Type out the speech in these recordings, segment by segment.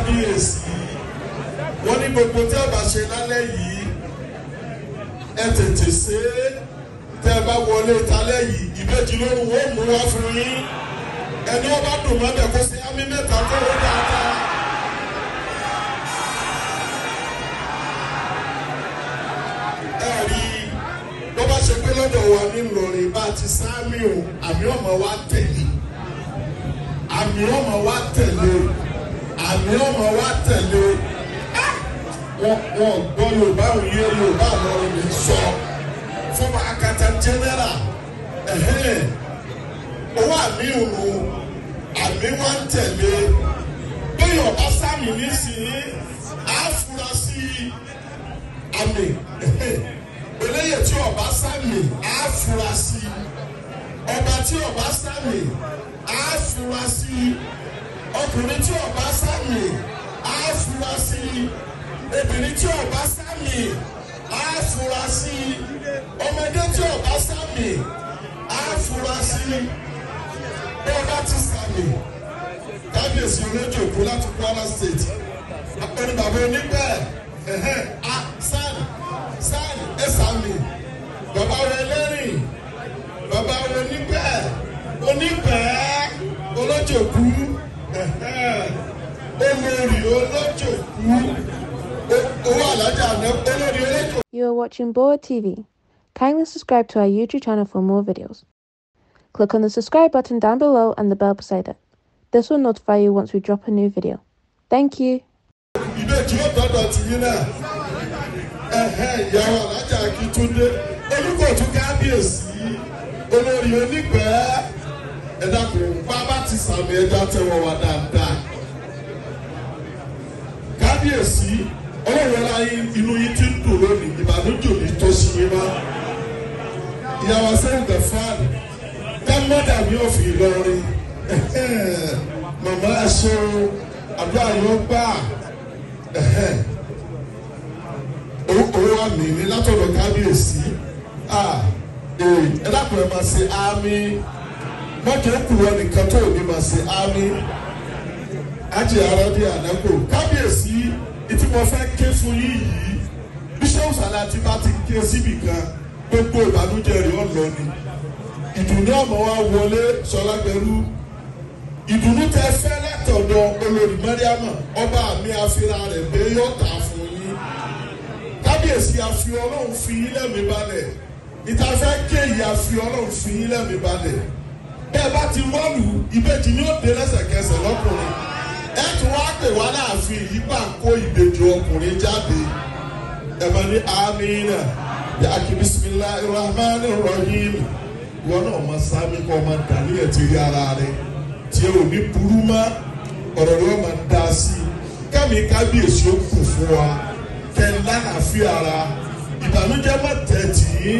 kábíyèsí wọ́n ní gbogbo tí a bá ṣe lálẹ́ yìí ẹ tètè ṣe é tẹ́ ẹ bá wọlé talẹ́ yìí ìbejì lóru wọ́n mú wá fún yín ẹni wọ́n bá dùn mọ́bẹ̀ kó ṣe ámì mẹ́ta tó wọ́n dáadáa. ẹ rí ló bá ṣe pé lọ́dọ̀ wa ní Ìlọrin bá ti sáàmì o àmì ọmọ wa tẹ̀lé àmì ọmọ wa tẹ̀lé o àmì ọmọ wa tẹ̀lé ah! wọn wọn gbọ́ yorùbá òye yorùbá àwọn òye sọ fún akata general owó àmì òru àmì wọn tẹ̀lé bẹ́ẹ̀ ọba sami nísìnyí àfúrásì àmì eléyè tí ọba sami àfúrásì ọba tí ọba sami àfúrásì ọkùnrin tí ọba àmì á fura sí i obìnrin tí ò bá sàmì á fura sí i ọmọdé tí ò bá sàmì á i bí ọba ti sàmì kábíyèsí olójú òkú láti Kwara State oníbàbá onígbà á sàmì sàmì ẹ sàmì bàbá wo ẹlẹ́rìn bàbá wo onígbà onígbà olójú òkú. You are watching Boa TV. Kindly subscribe to our YouTube channel for more videos. Click on the subscribe button down below and the bell beside it. This will notify you once we drop a new video. Thank you. olórí ẹ̀dá kò bá bá ti sàmì ẹja tẹ́wọ́ wa dáadáa. kábíyèsí ọlọ́run inú yìí ti ń dùn lónìí tó sí yín wá ìyàwó sẹ́yìn the fan grandmother mi ò fi lọrin màmá aṣọ àbúrò àyọ̀ gbà owó àmì ní látọ̀dọ̀ kábíyèsí máa ṣe mọ́tò ó kù nìkan tó ò ní máa ṣe ajé arọ́dẹ ànákò kábíyèsí tí mo fẹ́ ké fún yín yìí bíṣọ́ọ̀sì Sàlátì bá ti ké síbì kan gbogbo ìbànújẹ́ rẹ̀ ọ̀lọ́ ni ìdùnnú ọmọ wa wọlé sọlá pẹ̀lú ìdùnnú tẹ fẹ́ látọ̀dọ̀ olórí mẹ́ríàmà ọba mi àfihàn rẹ̀ pé yóò tà fún yín kábíyèsí àfi ọlọ́run fi yín lẹ́mìí balẹ̀ ìta fẹ́ kéyìí àfi ọlọ́run fi yín lẹ́mìí balẹ̀ bẹ́ẹ̀ bá ti rọ́ọ̀lù ìbejì ni ó dé lẹ́sẹ̀kẹsẹ̀ lọ́kùnrin. ẹ tún wá pè wá láàfin yìí bá kó ìbejì ọkùnrin jáde ya ní amínà yàkí bisimilahi rahman rahim wọn náà máa sámi kọ́ ti rí ara rẹ tí ò ní burú mọ́ ọ̀rọ̀ rẹ dá sí i ara má tẹ̀ tì í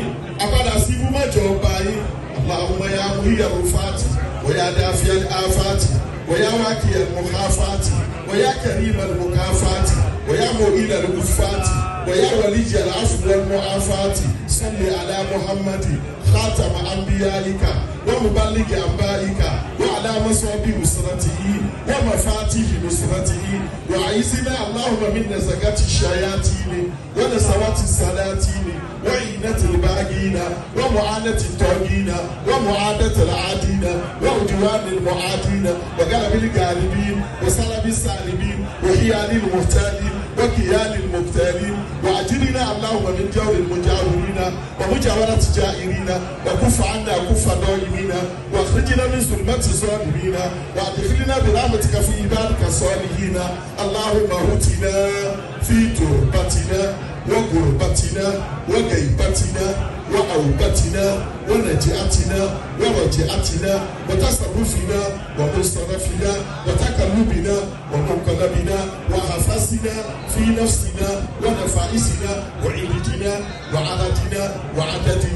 ibú ọba ya ويا دافع الآفات ويا واكي المخافات ويا كريم المكافات ويا معين الوفات ويا ولي العفو والمعافات صل على محمد خاتم أنبيائك ومبلغ أنبائك وعلى مصاب نصرته ومفاتيح نصرته yìí sílẹ̀ aláwọ̀ mi nà zakati ṣayá tì í ni wọ́n nà sawati sadá tì í ni wọ́n yìí nà tìlí báàgì yìí na wọ́n mọ̀ ádẹ́ ti tọ́gì yìí na wọ́n mọ̀ ádẹ́ tẹ̀lé ádì yìí na wọ́n ò diwa ni mọ̀ ádì yìí na wọ́n gàlà bíi gàlì bíi wọ́n sálà bíi sàlì bíi wọ́n hí alì mọ̀tálì wọ́n kì í alì mọ̀tálì wọ́n àjírí náà aláwọ̀ mi jẹ́ òrìmọ̀já òrìmọ̀ واخرجنا من ظلمات الظالمين وادخلنا برحمتك في عبادك الصالحين اللهم اهتنا في تربتنا وغربتنا وغيبتنا وأوبتنا ونجاتنا ورجعتنا وتصرفنا ومصرفنا وتقلبنا ومنقلبنا وحفظنا في نفسنا ونفائسنا وعلتنا وعددنا وعددنا